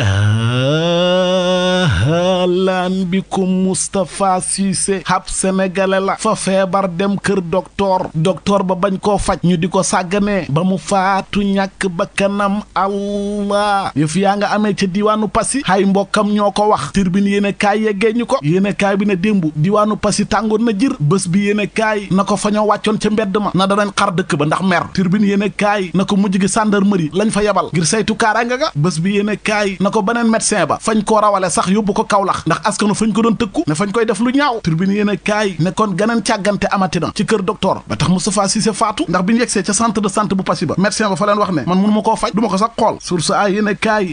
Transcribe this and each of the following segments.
เออ ahlan bikum Moustapha Cissé hab sénégalais la fa feebar dem kër docteur docteur ba bañ koo faj ñu di ko sàgganee ba mu faatu ñàkk bakkanam allah yëf yaa nga amee ca diiwaanu Passy hay mbokkam ñoo ko wax turbine yéene kaay yeggee ñu ko yéene kaay bi ne démbu diiwaanu Passy tàngoon na jër bés bi yéene kaay na ko fa wàccoon ca mbedd ma na danañ xar dëkk ba ndax mer turbine yéene kaay na ko mujj gi gendarmerie lañ fa yebal ngir saytu kaaraanga ga bés bi yéene kaay na ko beneen médecin ba fañ koo rawale sax yóbbu ko Kaolack ndax askanu fañ ko doon tëkku ne fañ koy def lu ñaaw turbine yéen a ne kon ganeen càggante amati na ci kër docteur ba tax Moustapha Cissé faatu ndax bi ñu yegsee ca sant de santé bu Passy ba médecin ba fa leen wax ne man mënu koo faj du ko sax xool source a yéen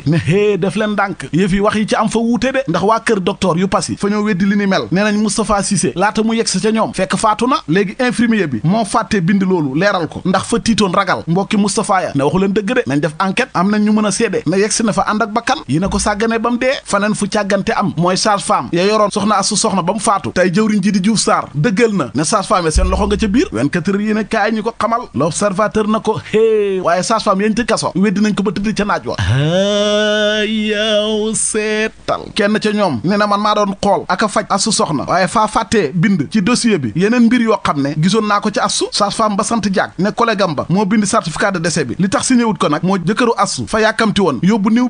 ne hée def leen ndànk yëf wax yi ci am fa wuute de ndax waa kër docteur yu Passy fa ñoo weddi li ni mel nee nañ Moustapha Cissé laata mu yegg sa ca ñoom fekk faatu na léegi infirmier bi moo fàttee bind loolu leeral ko ndax fa tiitoon ragal mbokki Moustapha ya ne leen dëgg de nañ def am nañ ñu mën a seede ne yegg si na fa ànd ak bakkan yi ne ko sàggane sage-femme ya yoroon soxna asu soxna ba mu faatu tey jëwriñ ji di Diouf Sarr dëggal na ne sage-femme ya seen loxo nga ca biir 24 heures yi ne kaay ñu ko xamal l'observateur na ko hee waaye sage-femme yañ ca kaso weddi ko ba tëdd ca naaj wa yow seetal kenn ca ñoom ne na man maa doon xool ak a faj asu soxna waaye faa fàttee bind ci dossier bi yeneen mbir yoo xam ne gisoon naa ko ci assu sage-femme ba sant jaag ne collègue am ba moo bind sa de décès li tax ko nag moo jëkkëru assu fa yàkkamti woon yóbbu niw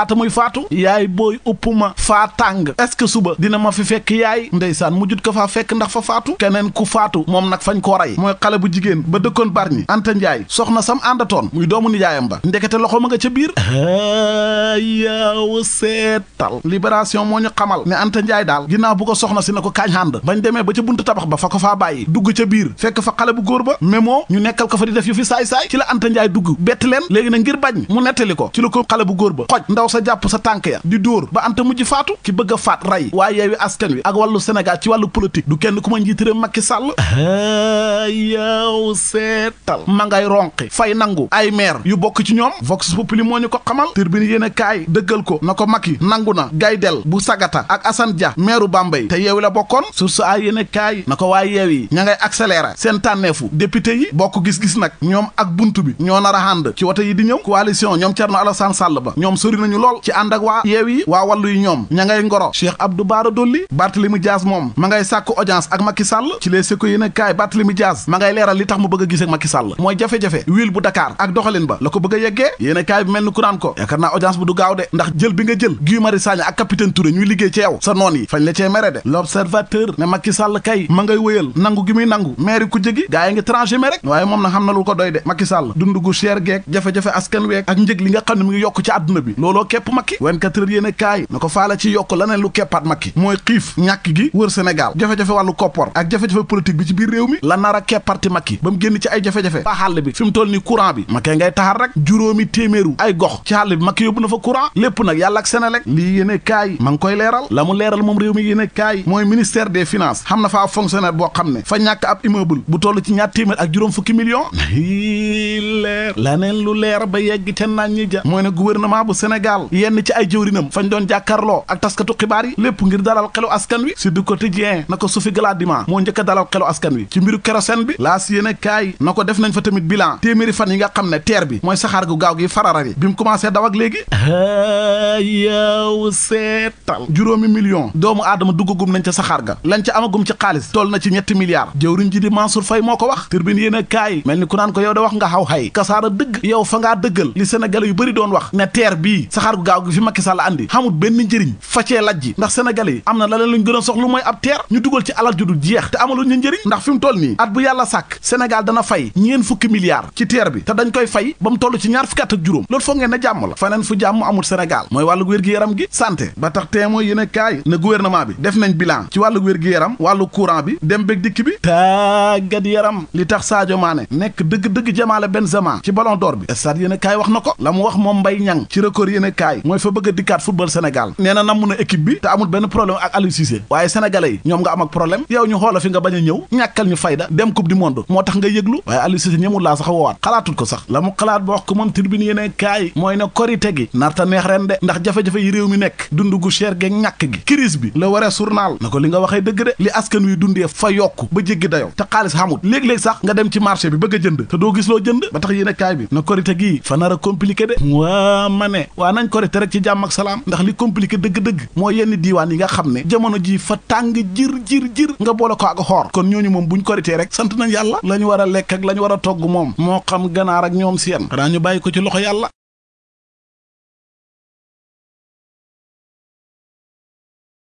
laata muy faatu yaay booy ma faa tàng est-ce que suba dina ma fi fekk yaay ndeysaan mu jut ko faa fekk ndax fa faatu keneen ku faatu moom nag fañ koo rey mooy xale bu jigéen ba dëkkoon barñi anta njaay soxna sam àndatoon muy doomu nijaayam ba ndekete loxo ma nga ca biir yaaw seetal libération moo ñu xamal ne anta njaay daal ginnaaw bu ko soxna si ne ko kaañ hànd bañ demee ba ca buntu tabax ba fa ko faa bàyyi dugg ca biir fekk fa xale bu góor ba mémoo ñu nekkal ko fa di def yu fi saay-saay ci la anta bett leen léegi na ngir bañ mu nettali ko ci la xale bu góor ba xoj ndaw sa jàpp sa tànk ya di dóor ba anta mujj faatu ki bëgg a faat ray waaye yeewi askan wi ak wàllu Sénégal ci wàllu politique du kenn ku ma njiit réew Macky Sall yaaw seetal ma ngay ronqi fay nangu ay maire yu bokk ci ñoom vox populi moo ñu ko xamal turbine yéen a kaay dëggal ko na ko Macky nangu na gaydel bu sagata ak Assane Dia maireu Bambey te yeewi la bokkoon source ay yéen a kaay na ko waay yeew yi ña ngay accéléré seen tànneefu député yi bokk gis-gis nag ñoom ak bunt bi ñoo nar a ànd ci wote yi di ñëw coalition ñoom Thierno Alassane Sall ba ñoom sori nañu lool ci ànd ak waa yeew yi waa wàllu ñoom ña ngoro Cheikh Abdou a gaz ma ngay leeral li tax mu bëgg a gise Macky Sall mooy jafe-jafe ville bu Dakar ak doxalin ba la ko bëgg a yeggee yéene kaay bi mel ni ku ko yaakaar naa bu du gaaw de ndax jël bi nga jël Guy Marius Sagna ak capitaine Touré ñuy liggéey ci sa noon yi fañ la cee mere de l'observateur ne Macky Sall kay ma ngay wëyal nangu gi muy nangu maire ku jëgi gaa yi ngi transhumé rek waaye moom na xam na lu ko doy de Macky Sall dund gu geek jafe-jafe askan tabakkee parti Macky ba mu génn ci ay jafe-jafe ba xàll bi fi mu toll ni courant bi Macky ngay taxar rek juróomi téeméeru ay gox ci xàll bi Macky yóbbu na fa courant lépp nag yàlla ak Senelec lii yéene kaay ma ngi koy leeral la mu leeral moom réew mi yéene kaay mooy ministère de finances xam na fa ab fonctionnaire boo xam ne fa ñàkk ab immeuble bu toll ci ñaar téeméer ak juróom fukki million leer laneen lu leer ba yegg ca naan ñi ja mooy ne gouvernement bu yenn ci ay jëwrinam fañ doon jàkkaarloo ak taskatu xibaar yi lépp ngir dalal xelu askan wi Sud Quotidien na ko Sophie Gladima moo njëkk a dalal xelu askan wi sen bi laas yéene kaay na ko def nañ fa tamit bilan téeméeri fan yi nga xam ne teer bi mooy saxaar gu gaaw gi farara bi mu commencé daw léegi yow seetal juróomi million doomu aadama duggagum nañ ca saxaar ga lañ ca amagum ci xaalis toll na ci ñetti milliards jëwriñ ji di Mansour Faye moo ko wax turbine yéene kaay mel ni ku naan ko yow de wax nga xaw xay kasaara dëgg yow fa ngaa dëggal li sénégalais yu bari doon wax ne teer bii saxaar gu gaaw gi fi Macky Sall andi xamul benn njëriñ facee lajji ndax sénégalais yi am na la leen luñ gën a soxlu ñu dugal ci alal ju du jeex te ñu njëriñ ndax fi mu toll nii bu yàlla sàkk Sénégal dana fay ñeen fukki milliards ci TER bi te dañ koy fay ba mu toll ci ñaar fukki at ak juróom loolu foog ngeen ne jàmm la faneen fu jàmm amul Sénégal mooy wàllu wér-gu-yaram gi santé ba tax témoin yéen a kaay ne gouvernement bi def nañ bilan ci wàllu wér-gu-yaram wàllu courant bi dem bég dikk bi tàggat yaram li tax Sadio Mané nekk dëgg-dëgg jamaale Benzema ci ballon d'or bi stade yéen a kaay wax na ko la mu wax moom Mbaye Niang ci record yéen mooy fa bëgg a dikkaat football Sénégal nee na namm na équipe bi te amul benn problème ak Aliou Cissé yi ñoom nga am ak yow ñu xoola nga bañ a ñëw ñàkkal am coupe du monde moo tax nga yëglu waaye Aliou Cissé ñëmul laa sax woowaat xalaatul ko sax la mu xalaat ba wax ko moom tribune yéene mooy ne korite gi narta neex ren de ndax jafe-jafe yi réew mi nekk dund gu cher ge ñàkk gi crise bi la waree journal na ko li nga waxee dëgg de li askan wi dundee fa yokk ba jéggi dayow te xaalis xamut léeg-léeg sax nga dem ci marché bi bëgg a jënd te doo gis loo jënd ba tax yéene kaay bi na korite gii fa nar a compliqué de waa ma ne waa nañ yi nga xam ne jamono ji fa tàng jir jir jir sant nañ yàlla la ñu war a lekk ak la ñu war a togg moom moo xam ganaar ak ñoom seen xanaa ñu bàyyi ko ci loxo yàlla